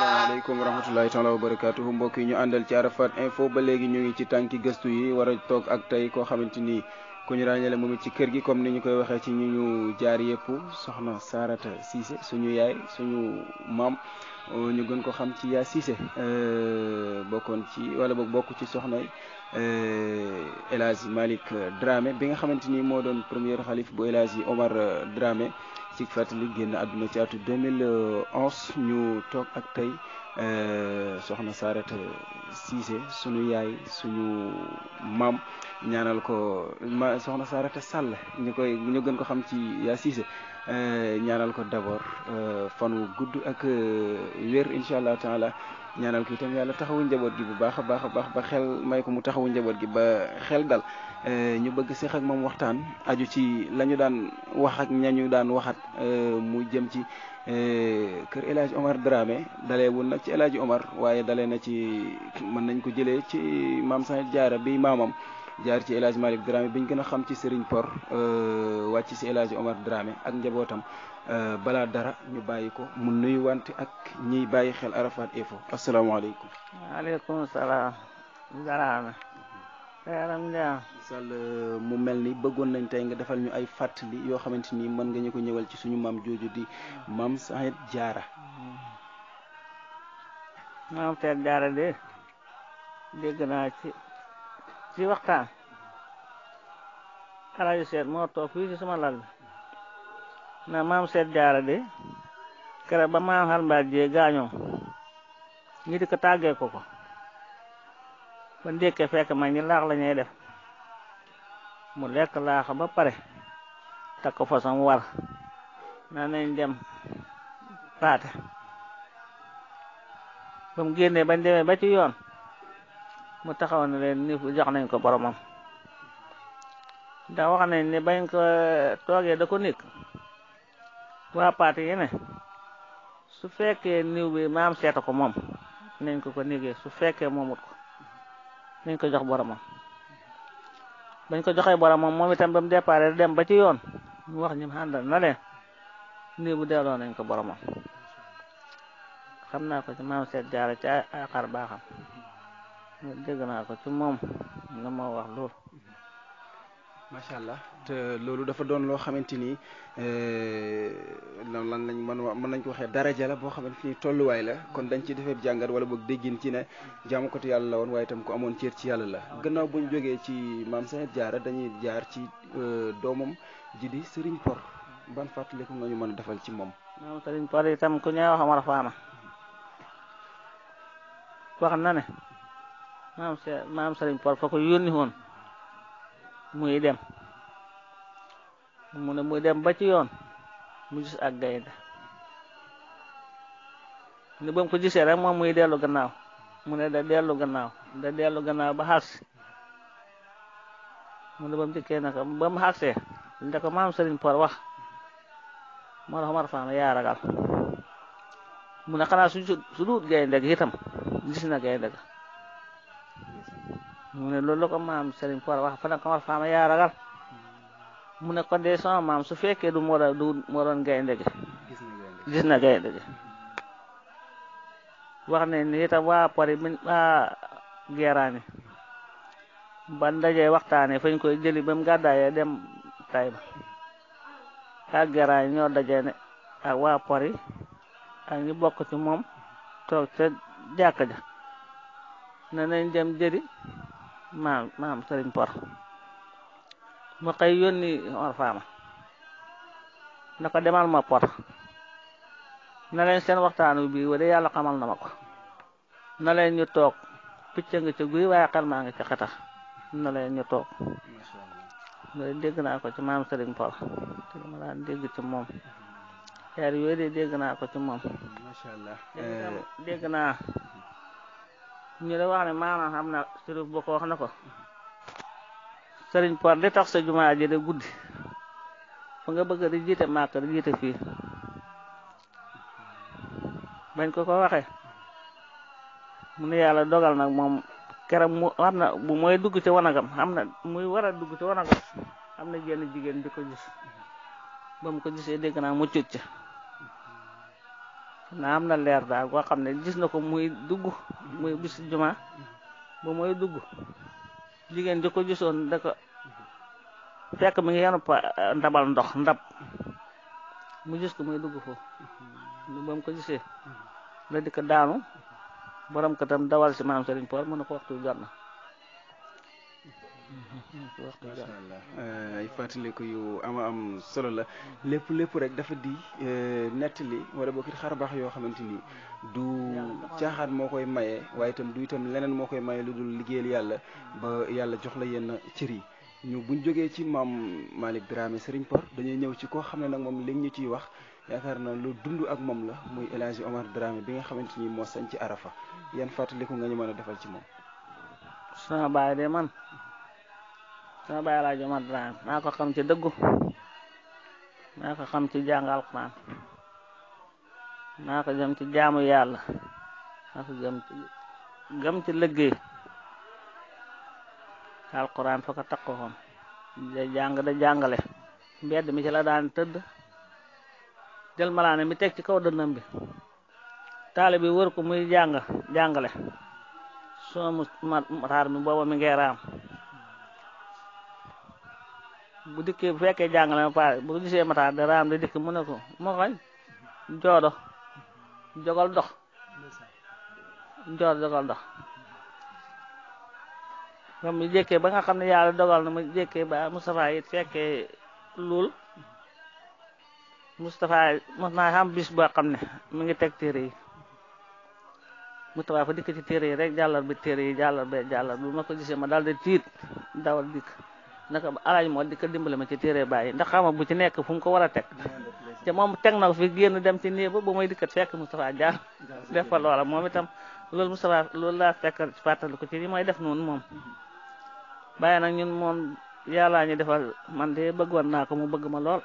asalaamaaleykum wa rahmatulahi taala wa barakaatuhu mbokk yi ñu àndal ci Arafat info ba léegi ñu ngi ci tànki gëstu yi war a toog ak tey koo xamante ni ku ñu ràññale moom ci kër gi comme ni ñu koy waxee ci ñu ñu jaar yëpp soxna Sarata Cissé suñu yaay suñu maam ñu gën ko xam ci yaa Cissé euh, bokkoon ci wala boog bokk ci soxna euh, El Hadj Malick Dramé bi nga xamante ni moo doon premier xalif bu El Hadj Omar Dramé ci fàttali génn àdduna ci atu 2011 ñu toog ak tey euh, soxna Saarata Cissé suñu yaay suñu maam ñaanal ko ma soxna Saarata Sall ñu koy ñu gën ko xam ci yaa Cissé euh, ñaanal ko d'abord euh, fan wu gudd ak weer incha allah taala ñaanal ko itam yàlla taxawu njaboot gi bu baax a baax a baax ba xel may ko mu taxawu njaboot gi ba xel dal Euh, ñu bëgg seex ak moom waxtaan aju ci la ñu daan wax ak ñañu daan waxat euh, mu jëm ci euh, kër El Omar Dramé dalee wul nag ci El Omar waaye dalee na ci mën nañ ko jëlee ci maam Sanet Diarra bi maamam jaar ci El Hadj Malick Dramé bi ñu gën a xam ci Serigne Por wàcc ci El Hadj Omar Dramé ak njabootam balaa dara ñu bàyyi ko mu nuyu want ak ñiy bàyyi xel Arafat Info asalaamaaleykum. waaleykum salaam Dramé. alhamdulilah. Sall mu mel ni bëggoon nañ tey nga defal ñu ay fàttali yoo xamante ni mën nga ñu ko ñëwal ci suñu maam jooju di maam Saïd Diarra. maam Saïd Diarra de dégg naa ci ci waxtaan Alaaji Seet moo toog fii ci sama lal na maam Saïd Diarra de keroog ba maam xar mbaat jee gaañoo ñu di ko tàggee ko ko. ba ndekkee fekk ma ngi laax lañuy def mu lekk laax ba pare takk façon war na nañ dem paate bam mu bañ demee ba ci yoon mu taxaw na leen ni jox nañ ko boromam da wax nañ ni bañ ko toogee da ko nekk waa paate yi ne su fekkee niw bi maam seeta ko moom nañ ko ko nigee su fekkee moomut ko dañ ko jox boromam bañ ko joxee boromam moom itam ba mu déparé dem ba ci yoon mu wax ñim àndal na leen nii bu delloo nañ ko boromam xam naa ko ci maam seet jaara ci ay xar baaxam dégg naa ko ci moom nga moo wax loolu macha allah te loolu dafa doon loo xamante ni eh, lan lan lañ mën a mën nañ ko waxee daraja la boo xamante ni tolluwaay la kon dañ ci defee jàngar wala boog déggin ci ne jaamukatu yàlla la woon waaye itam ku amoon cër ci yàlla la. gannaaw bu ñu jógee ci maam Sanet Diarra dañuy jaar ci eh, doomam ji di Serigne Por ban fàttaliku nga ñu mën a defal ci moom. maam Serigne Por itam ku ñuy wax Omar Fama wax na ne maam Serigne Por fa ko yónni woon. muy dem mu ne muy dem ba ci yoon mu gis ak gayda ne bam ko gisee rek moom muy dellu gannaaw mu ne da dellu gannaaw da dellu gannaaw ba xaas mu ne bam mu dikkee naka bam mu da ko maam Sëriñ Por wax moo tax Omar Fana yaa ragal mu ne xanaa su su duut gaynde gi itam gis na gayda ga mu loolu la ko maam Serigne Koor wax fana Kamar Fama yaa ragal mu ne ko dee sama maam su fekkee du moo du moo gaynde gi gis na gaynde gi wax ne ni itam waa pari min waa ba ndajee waxtaane fañ koy jëli ba mu gàddaayee dem Tayba ak geeraani ñoo dajee ne ak waa pari ak ñu bokk ci moom toog ca jàkk ja ne nañ dem jëli maam maam sëriñ por mu xëy yónni Mor Fama na ko demal ma por na leen seen waxtaan bi wa de yàlla xamal na ma ko na leen ñu toog picc nga ci guy waaye xel maa ngi ci xetax na leen ñu toog loolu dégg naa ko ci maam sëriñ por te ma daan dégg ci moom xeer yooyu de dégg naa ko ci moom dégg naa ñu la wax ne maanaam xam na sëriñ bokk wax na ko sëriñ por li tax sa jumaa ji de guddi fa nga bëgg di jiite màkk di jiite fii bañ ko ko waxee mu ne yàlla dogal nag moom keram mu xam na bu mooy dugg ci wanagam xam na muy war a dugg ci wanagam am na jenn jigéen di ko gis ba mu ko gisee dégg naa mu cucc naa am na leer daal goo xam ne gis na ko muy dugg muy bis juma ba muy dugg jigéen di ko gisoon da ko fekk mi yenu eh, ndabal ndox ndab mu gis ko muy dugg foofu ba mu ko gisee la di ko daanu borom ko tam dawal si maanaam Sëriñ Poor mu ne ko waxtu jot na macha allah euh, ay fàttaliku yu ama am solo la lépp lépp rek dafa di euh, nettali wala boog it xar yoo xamante ni du caaxaan moo koy maye waaye itam du itam leneen moo koy maye lu dul liggéeyal yàlla ba yàlla jox la yenn cër yi ñu buñ jógee ci maam Malick Dramé Serigne Por dañuy ñëw ci koo xam ne nag moom li ñu ciy wax yaakaar naa lu dund ak moom la muy El Hadji Omar Dramé bi nga xamante ni moo sañ ci Arafa yan fàttaliku nga ñu mën a defal ci moom. sama baay de man. sama baay Alaaji Omar Dramé maa ko xam ci dëggu maa ko xam ci jàng alquran maa ko jëm ci jaamu yàlla maa ko jëm ci gëm ci liggéey alquran fa ko takkoon da jàng da jàngale mbedd mi ci la daan tëdd jël malaane mi teg ci kaw dënnam bi taale bi wër ko muy jàng jàngale suma mi booba mi ngeeraam bu fekkee jàngale ma pare bu gisee mata dara am di dikk mu ne ko mo koy joodo jogal dox joodo jogal dox moom mi jekke ba nga xamne ne dogal na mu jekke ba mustafa yi fekke luul mustafa mo na xam bis bo xamne mu ngi tek tere yi fa dikk ci yi rek jallar bi tere yi be jallar bu mako gisee ma dal di tit dawal dikk naka alaaj moo di ko dimbale ma ci téere bàyyi ndax xama bu ci nekk fu mu ko war a teg te moom teg na ko fi génn dem ci néeg ba ba may dikkat fekk Moustapha Diagne def fa loola moom itam loolu Moustapha loolu laa fekk fàttali ko ci mooy def noonu moom bàyyi nag ñun moom yàllaa ñu defal man de bëggoon naa ko mu bëgg ma lool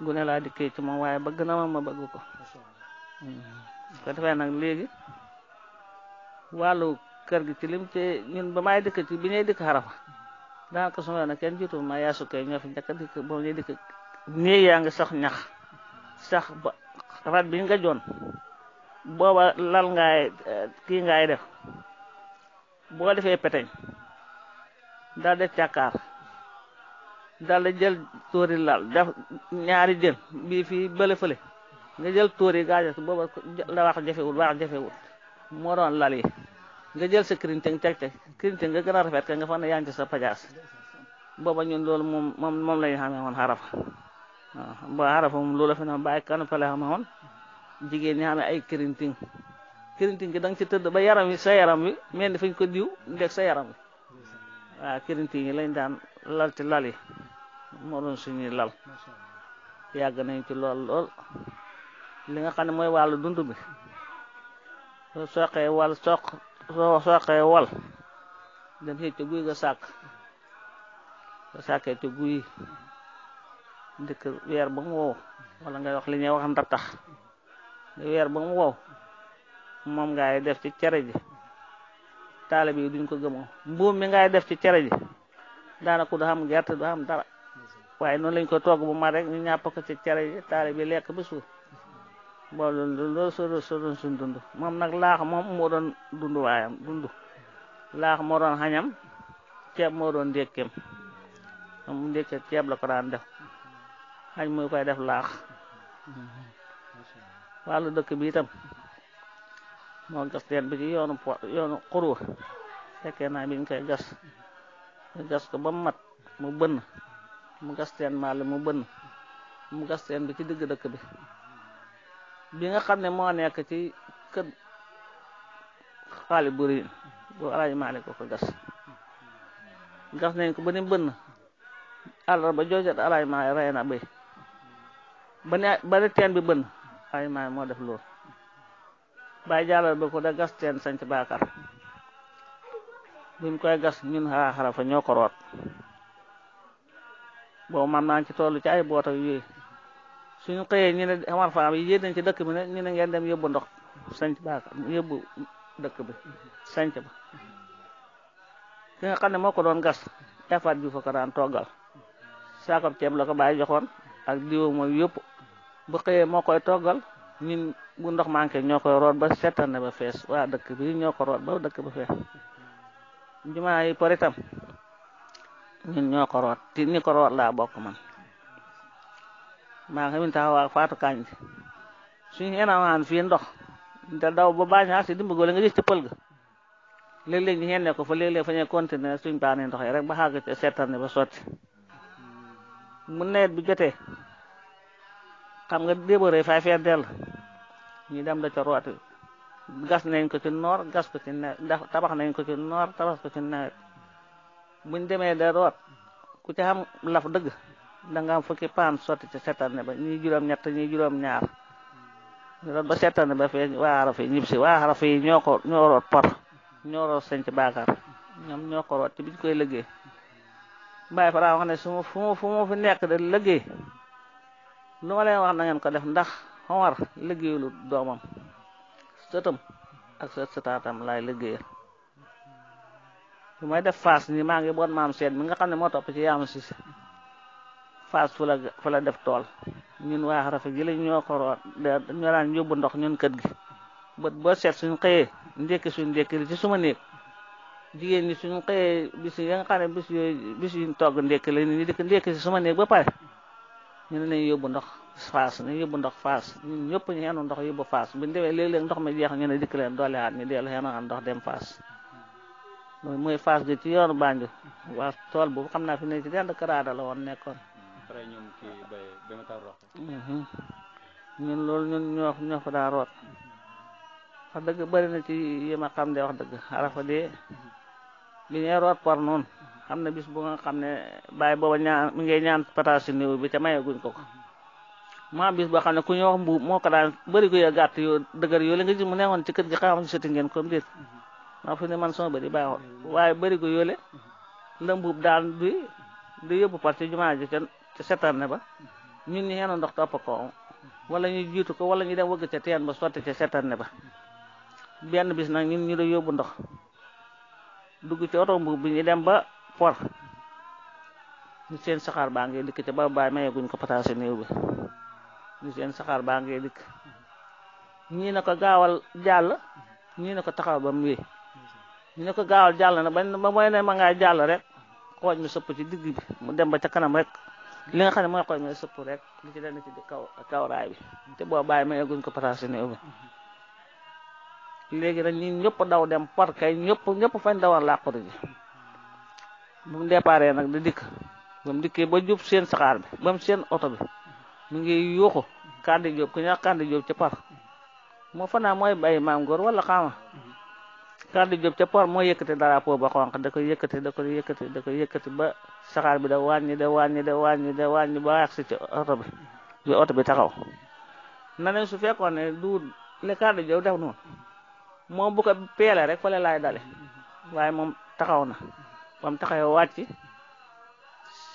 gune laa di ci moom waaye bëgg na ma ma bëgg ko ko defee nag léegi wàllu kër gi ci lim ci ñun ba maay dëkk ci bi ñuy dëkk xarafa daanaka su ma na kenn jiitu ma yaasu kay ñoo fi dikk boo ñuy dikk nii yaa ngi sax ñax sax ba rab bi nga joon booba lal ngaay kii ngaay def boo defee peteñ daal def càkkaar daal da jël tóori lal def ñaari jën bii fii bële nga jël tóori gaajas booba la wax jafewul wax jafewul doon lal nga jël sa crinting teg teg crinting nga gëna rafet nga fa ne yaa sa pajas boba ñun lool mom mom moom la ñu xamee woon ba xarafa mom loolu fa na ne kan fa la xamé won jigeen ñi xamee ay crinting crinting gi dang ci teud ba yaram wi sa yaram wi melni fañ ko diiw ndek sa yaram wi lañ daan lal ci lal yi doon suñu lal yag nañ ci lool lool li nga xamné moy walu dundu bi so xé wal so saqe wal dem he to ga sak so saqe to guy ndek wer ba mu wala ngay wax li ñuy wax ndar tax weer ba mu wow ngay e def ci téré ji talib yi duñ ko gëmo mbom mi ngay e def ci téré ji ko do xam gert do xam dara waye non lañ ko togg bu ma rek ñu ñap ko ci téré ji taalibe lekk ba suur ba loolu soo doon suñ dund moom nag laax moom moo doon dund waayam dund laax moo doon xañam ceeb moo doon ndékkeem mu ndékke ceeb la ko daan def xañ muy koy def laax wàllu dëkk bi itam moo gas bi ci yoonu po yoonu xurwa fekkee naa biñ koy gas gas ko ba mu mat mu bënn mu gasteen teen maal mu bënn mu gas bi ci digg dëkk bi bi nga xamne mo nek ci kër kan xaali buri bu alay maale ko ko gas gas nañ ko ba ni bënn ba joojat alaaji maale reyna be béy ba ten bi bënn alay ma mo def loolu bay jàllal ba ko da gas ten sant bakar baakar buñ koy gas ñun ha xara fa ñoko rot bo man na ci tollu ci ay boota yooyu suñu xëyee ñu ne Omar yi yéen nañ ci dëkk bi ne ñu ne ngeen dem yóbbu ndox sanc baaka yóbbu dëkk bi sanc ba ki nga xam ne moo ko doon gas efaat ju fa ko daan toggal saakob ceeb la ko bàyyi joxoon ak diwo mooy yëpp bu xëyee moo koy toggal ñun bu ndox manqué ñoo koy root ba seetal ne ba fees waa dëkk bi ñoo ko root ba dëkk ba fees jumaa yi par itam ñun ñoo ko root ti ñi ko root laa bokk man maa kamin waa faatu kaañ suñ suñu xeen amaan fii ndox te daw ba baañ xaar si dimba góole nga gis ci pël ga léeg-léeg ñu xeen ne ko fa léeg-léeg fa ñuy continuer suñ paane ndox yi rek ba xàgg ci seetaan ba sotti mu nawet bi jotee xam nga déboree fay feer dell ñu dem da ca rooti gas nañ ko ci noor gas ko ci nawet tabax nañ ko ci noor tabax ko ci nawet buñ demee da root ku ci xam laf dëgg da nga am fukki paan sotti ci seetane ba ñii juróom-ñett ñii juróom-ñaar loolu ba seetane ba fee waa xaraf yi ñib si xaraf yi ñoo ko ñoo root por ñoo root sëñ ci baakaar ñoom ñoo ko root ci biñ koy liggéey Baay Faraa wax ne su ma fu ma fi nekk de liggéey lu ma leen wax na ngeen ko def ndax Omar liggéeyulu doomam sëtam ak sët sëtaatam laay liggéeyal su may def faas ni maa ngi bon maam seet mi nga xam ne moo topp ci yaamu si faas fu la fu la def tool ñun waa Xaraf gi la ñoo ko root ñoo daan yóbbu ndox ñun kët gi ba boo seet suñu xëyee ndékki suñu ndékki li ci suma néeg jigéen ñi suñu xëyee bis yi nga xam ne bis yooyu bis yi togg ndékki la ñu dëkk ndékki ci suma néeg ba pare ñu ne nañ yóbbu ndox faas nañ yóbbu ndox faas ñun ñëpp ñu xenu ndox yóbbu faas buñ demee léeg-léeg ndox mi jeex ñu ne dikk leen doole aat ñu dellu xenu ndox dem faas mooy faas gi ci yoonu Banjul waa tool boobu xam naa fi ne ci dend karaada la woon nekkoon frais ñoom ci bay ba ma tar rox mhm. ñun loolu ñun ñoo ñoo fa daa root wax dëgg bari na ci yi ma xam de wax dëgg arafa de bi ñee root par noonu xam ne bis bu nga xam ne bàyyi booba ñaan mi ngay ñaan pataas néew bi ca ko ko bis xam ne ku ñu wax mbuub moo ko daan ko gàtt yoo dëgër yoo li nga mu neexoon ci gi sëti ngeen fi ne man sama baaxoon waaye ko la mbuub daan di di yóbbu par ci jumaa ji setan ne ba ñun ñi xeenu ndox topp ko wala ñu jitu ko wala ñu dem wëgg ci teen ba sotti setan ne ba benn bis nak ñun ñu da yobbu ndox dugg ci auto mbubb bi ñu dem ba por ñu seen saxar ba ngay dikk ci ba baay mayeguñ ko pataase neew bi ñu seen saxar ba ngay dikk ñi na gawal jall ñi nako taxaw ba muy ñi nako gawal ko na ba moy ne ma nga jall rek xooñ mi sopp ci digg bi mu dem ba ca kanam rek li nga xam ne mooy xooj mooy sëpp rek li ci dana ci kaw kaw raay bi te boo bàyyi ma egguñ ko pataasi néew bi léegi nag ñun ñëpp daw dem parkay ñëpp ñëpp fañ dawoon làqatu ji bu mu déparé nag di dikk ba mu dikkee ba jub seen saxaar bi ba mu seen oto bi mu ngi yuuxu kandi jóob ku ñaa kandi jóob ci par moo fanaa mooy bàyyi maam góor wala xaama Kàddu Jóob ca poor moo yëkkati drapeau ba xonq da koy yëkkati da koy yëkkati da koy yëkkati ba saxaar bi da wàññi da wàññi da wàññi da wàññi ba agsi ci oto bi bi oto bi taxaw na su fekkoon ne du le Kàddu Jóob def noonu moom bu ko peele rek fale laay dale waaye moom taxaw na moom mu taxawee wàcc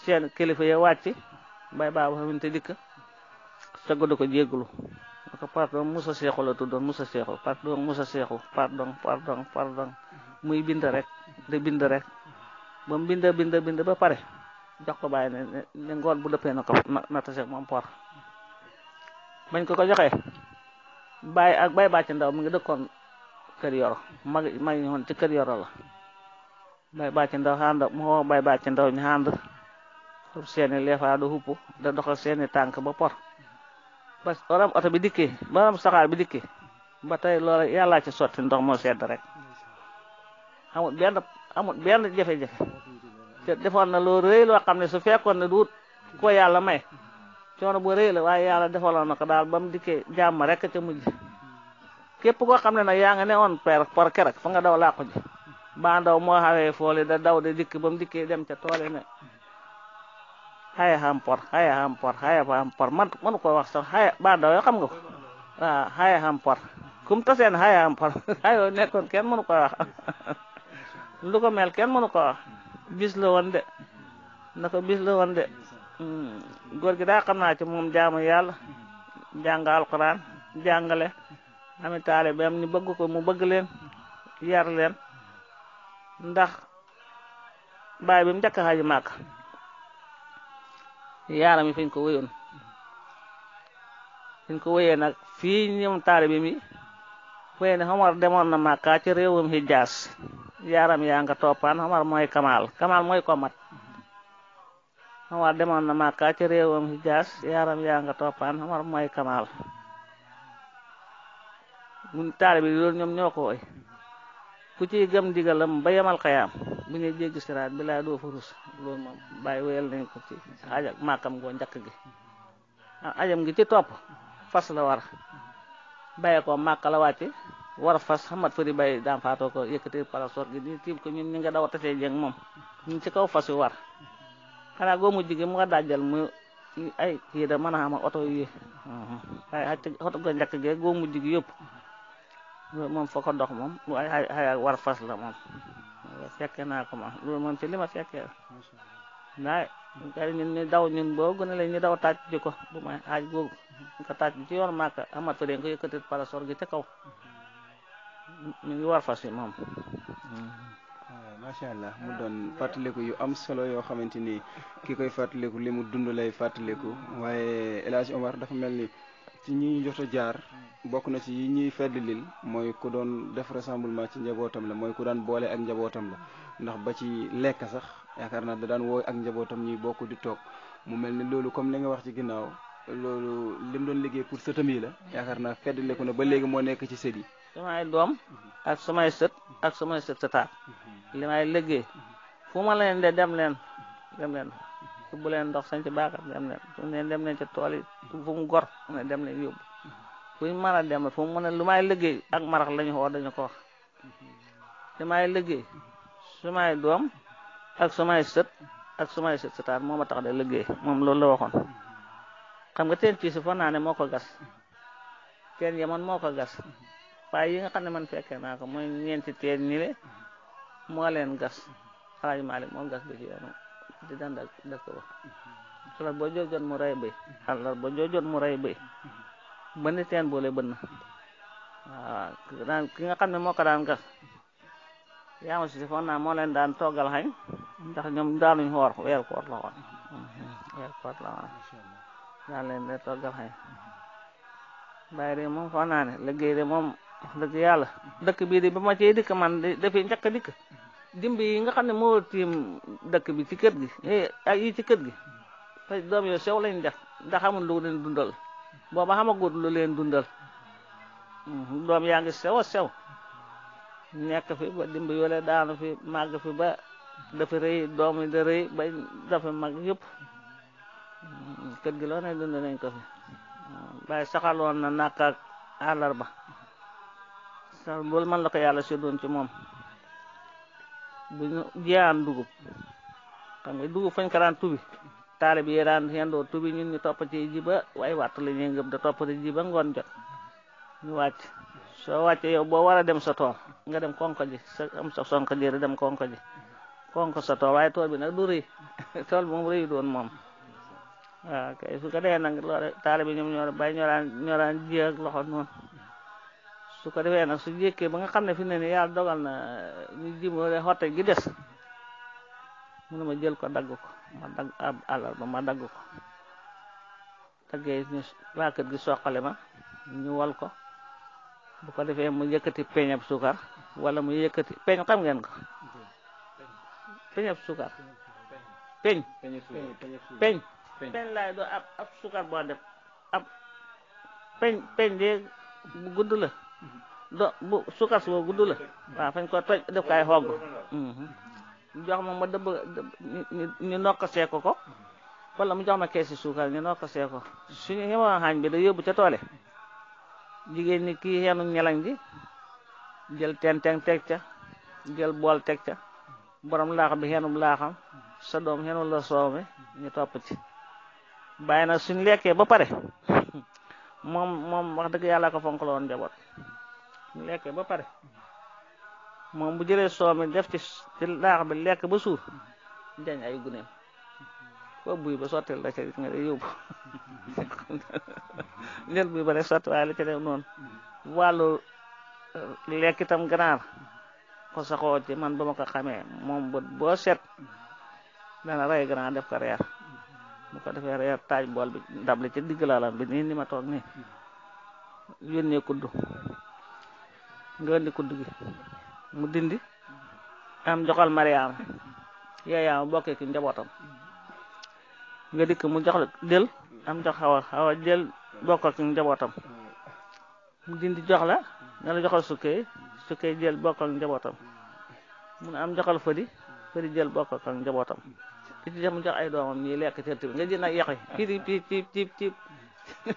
seen kilifa ya wàcc bay baabu xamante dikk sa ko jégglu ko pardon Moussa Cheikhou la tuddoon Moussa Cheikhou pardon Moussa Cheikhou pardon pardon pardon muy bind rek di bind rek ba mu bind bind bind ba pare jox ko bay ne ne ngoon bu dëppee na ko na tase moom por bañ ko ko joxe bàyyi ak bay bàcc ndaw mi ngi dëkkoon kër yoro mag mag ñu woon ci kër yoro la bay bàcc ndaw ànd moo bay bàcc ndaw ñu ànd seeni leefaa du hupp da doxal seeni tànk ba por Bas oram ota bidiki, maram sakar bidiki. Batay loola yalla ci sotti ndox mo sedd rek. Amul benn amul benn jafe-jafe. te defoon na loo rëy loo xam ne su fekkoon ne duut ko yàlla ya may coono bu rëy ya la waaye yàlla defaloon na ko daal ba mu dikkee jàmm rek ca mujj képp koo xam ne nag yaa nga ne woon per por kerek fa nga daw làqu ji baa ndaw moo xawee foole da daw de dikk ba mu dikkee dem ca toole ne haya hampor haya hampor haya hampor man man ko sax haya ba do yo xam nga wa nah, haya hampor kum ta sen haya hampor hayo nekkon ken man ko wax lu ko mel ken man ko wax bis lo won de nako bis lo won de gor hmm, gi da xam naa ci mom jaamu yalla jang alquran jangale ya. ami am ni bëgg ko mu bëgg leen yar leen ndax baay bi mu jakk yaaram yi fañ ko wéyoon fañ ko wéyee nag fii ñoom taalibe mi wéy ne Omar demoon na Màkka ci réewum Hijaas yaaram yaa nga toppaan Omar mooy Kamal Kamal mooy ko mat Omar demoon na Màkka ci réewam Hijaas yaaram yaa nga toppaan Omar mooy Kamal mun taalibe yi loolu ñoom ñoo ko woy ku ciy gëm digalam ba bu jégg jéggi siraat bi laa doo fa rus loolu moom bàyyi wéyal nañ ko ci aja màkkam goo njëkk gi ah, ajam gi ci topp fas la war bàyyi ko màkk la wàcc war fas xamat fëri bàyyi daan faatoo ko yëkkati parasor gi ni tiim ko ñun ñi nga daw tasee jëng moom ñu ci kaw fas yu war xanaa goo mujj gi mu nga dajjal mu ay kii da mën a am oto yi waaye oto go njëkk gi goo mujj gi yëpp moom fa ko dox moom ay ay war fas la moom fekke naa ko ma moom ci li ma fekkee ndaay kay ñun ñu daw ñun boo gën a la daw tàcc ji ko bu may aaj googu ñu ko tàcc ci yoon màkk amatu leen ko yëkkati parasor gi ca kaw mhm. ngi war fas yi moom mhm. macha allah mu doon fàttaliku yu am solo yoo xamante ni ki koy fàttaliku li mu dund lay fàttaliku waaye El Hadj Omar dafa mel ni ci ñi jot jaar bokk na ci yi ñuy fedd lil mooy ku doon def rassemblement ci njabootam la mooy ku daan boole ak njabootam la ndax ba ci lekk sax yaakaar na da daan wooy ak njabootam ñuy bokk di toog mu mel ni loolu comme ni nga wax ci ginnaaw loolu lim doon liggéey pour sëtam yi la yaakaar na fedd leku na ba léegi moo nekk ci sët yi samay doom ak samay sët ak samay sët sëtaat li may liggéey fu ma leen de dem leen dem leen yóbbu leen ndox sañ ci baaxat dem leen dem leen tool yi fu ne dem leen fuñ mën a dem fu mu ne lu may liggéey ak marax la ñu xool dañu ko wax li may doom ak su may sët ak su sët sëtaat moo ma tax de liggéey moom loolu la waxoon xam nga teen ci si foog moo ko gas teen yamoon moo ko gas waaye yi nga xam ne man fekkee naa ko mooy ñeenti teen ñi le moo leen gas xalaaj Maalik moo gas bi ci yoonu di daan dëkk ba xalar boo joojoon mu rey bëy xalar boo mu rey bëy बने boleh बोले बन kinga kan memo kadan ka ya mo si fon na len dan togal hay ndax ñom daluñ hor wér koor la won wér koor la won dal len de togal hay bayre mom fanane liggey de mom deug yalla dekk bi de bama ci dik man de fi ñak dik dimbi yi nga xamne mo tim dekk bi ci kër gi eh ay ci kër gi tay doom yo sew lañ def ndax amul lu leen dundal booba xamagut lu leen dundal mm-hmm. doom yaa ngi sew sew nekk fi ba dimb yole daanu fi màgg fi ba dafa rëy doom yi da ba dafa mag yëpp mm-hmm. kër gi loo ne dund fi waaye saxaloon na nàkk ak àllarba sax loolu man la ko yàlla seddoon ci moom bu ñu jiyaan dugub dugub fañ ko tubi taale bi daan yendoo tubi ñun ñu topp ci jiba waaye wattu la ñuy ngëm da topp ci jiba ngoon jot ñu wàcc soo wàccee yow boo war a dem sa tool nga dem konko ji sa am sa dem konko ji sa tool waaye tool bi nag du rëy tool doon moom ko defee nag loole taale ñoo bàyyi ñoo daan loxo su ko defee nag su jékkee ba nga xam ne fi ne ni yàlla dogal na ñu ji mo xotte gi des ma jël ko dagg ko ma dagg ab àllarba ma dagg ko daggee ñu waa kër gi soqale ma ñu wal ko bu ko defee mu yëkkati peñab sukar wala mu yëkkati peñ xam ngeen ko peñab sukar peñ peñ peñ laay doo ab ab sukar boo def ab peñ peñ de bu gudd la do bu sukar si boo gudd la waaw fañ ko toj def kaay xogg mhm. ñu jox ma ma dëbb ñu nokkasee ko ko wala mu jox ma keesi suukar ñu nokkasee ko suñu ximoon xaañ bi da yóbbu ca toole jigéen ni kii xeenu ñelañ gi jël tenteng teg ca jël bool teg ca borom laax bi xeenum laaxam sa doom xeenu la soow mi ñu topp ci bàyyi na suñ lekkee ba pare moom moom wax dëgg yàlla ko fonk la woon njaboot suñ lekkee ba pare moom bu jëlee soo def ci ci laax bi lekk ba suuf jañ ay guneem ko buy ba sottil la ca nga day yóbbu njël buy ba rek sotti waaye la ca def noonu wàllu lekk itam ganaar ko saxoo ci man ba ma ko xamee moom bët boo set dana rey ganaar def ko reer bu ko defee reer taaj bool bi ndable ci digg laalam bi nii ni ma toog nii yónnee kudd nga indi kudd gi mu dindi am joxal mariam yaya bokke ci njabotam nga dik mu joxal del am jox xawa xawa del bokkal ci njabotam mu dindi jox la nga la joxal sukkee del jël bokkal njabotam mu am joxal fadi fadi del bokkal ak njabotam ki ci mu jox ay doomam ni lek ci bi nga jël nag yaqi ci tip piip piip piip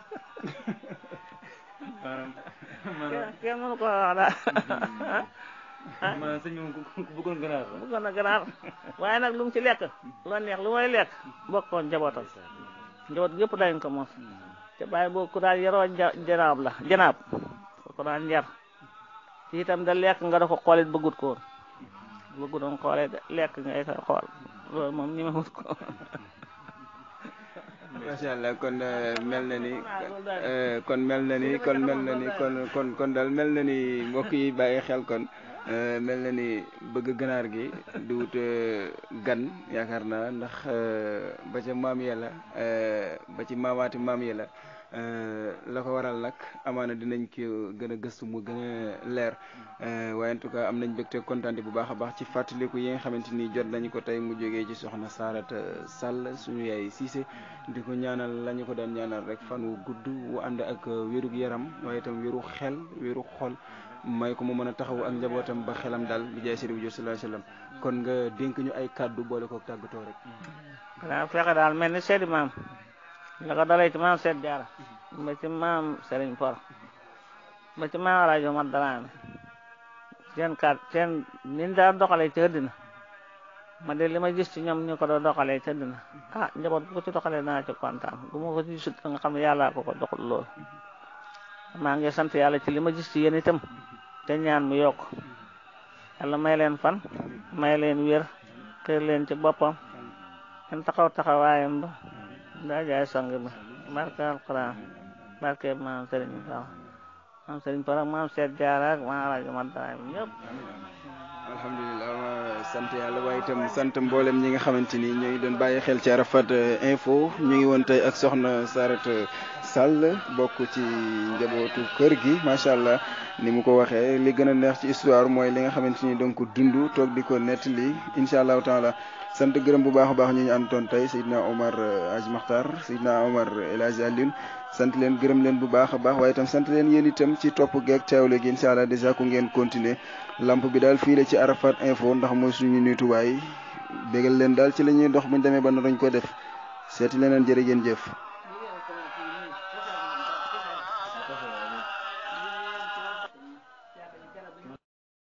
ko ah maanaam sëñ moom ku bëggoon ganaar la na ganaar waaye nag lum mu ci lekk loo neex lu may lekk bokkoon njabootam njaboot gépp dañ ko moom te bàyyi boo ku daan janaab la janaab ko daan yar itam da lekk nga da ko xoolit bëggut ko woon bëggu doon xoolee lekk ngay koy xool loolu moom ñi mamut ko macha allah kon eh, mel na ni eh, kon mel na ni kon mel na ni kon kon mel na ni mbokk yi bàyyi xel kon Euh, mel na ni bëgg ganaar gi di euh, gan yaakaar naa ndax euh, ba ca maam yàlla ba ci maamaati maam yàlla la ko waral nag amaana dinañ ko gën a gëstu mu gën a leer waaye en tout cas am nañ mbégte kontaan bu baax a baax ci fàttaliku yi nga xamante ni jot nañu ko tey mu jógee ci soxna Sarata Sall suñu yaay Cissé di ko ñaanal lañu ko daan ñaanal rek fan wu gudd wu ànd ak wérug yaram waaye itam wéru xel wéru xol. may ko mu mën a taxawu ak njabootam ba xelam dal bi jaay sëriñ bi sallallahu alayhi wasallam kon nga dénk ñu ay kàddu boole ko tàggatoo rek waaw fexe daal mel ni seedi maam la ko dalay ci maam seet jaara ma ci maam sëriñ for ma ci maam rajo mat dalaame seen kat seen niñ daan doxalee ci àddina ma de li ma gis ci ñoom ñu ko doon doxalee ca dina ah njaboot bu ko ci doxalee naa ci kontaan bu ma ko ci gisut nga xam ne yàllaa ko ko doxal lool maa ngi sant yàlla ci li ma gis ci yéen itam te ñaan mu yokk yàlla may leen fan may leen wér kër leen ci boppam kenn taxaw taxawaayam ba daa jaay sang bi barke alquran barke maam sëriñ Faal maam sëriñ Faal ak maam seet jaaraak maam rajo Madaraay bi ñëpp alhamdulilah sant yàlla waaye itam sant mboolem ñi nga xamante ni ñooy doon bàyyi xel ci Arafat eh, info ñu ngi woon tey ak soxna Saarata Sall bokk ci njabootu kër gi macha allah ni mu ko waxee li gën a neex ci histoire mooy li nga xamante ni donc dund toog di ko nettali incha allahu taala sant gërëm bu baax a baax ñu ñu àndoon tey Seydina Omar euh, Hadj Makhtar Seydina Omar El Hadj Alioune sant leen gërëm leen bu baax a baax waaye tam sant leen yéen itam ci topp geeg teewle gi incha allah dèjà ku ngeen continuer lamp bi daal fii la ci Arafat info ndax mooy suñu niituwaay bégal leen daal ci la ñuy dox bu ñu demee ba naroon ko def seeti leneen jërë ngeen jëf.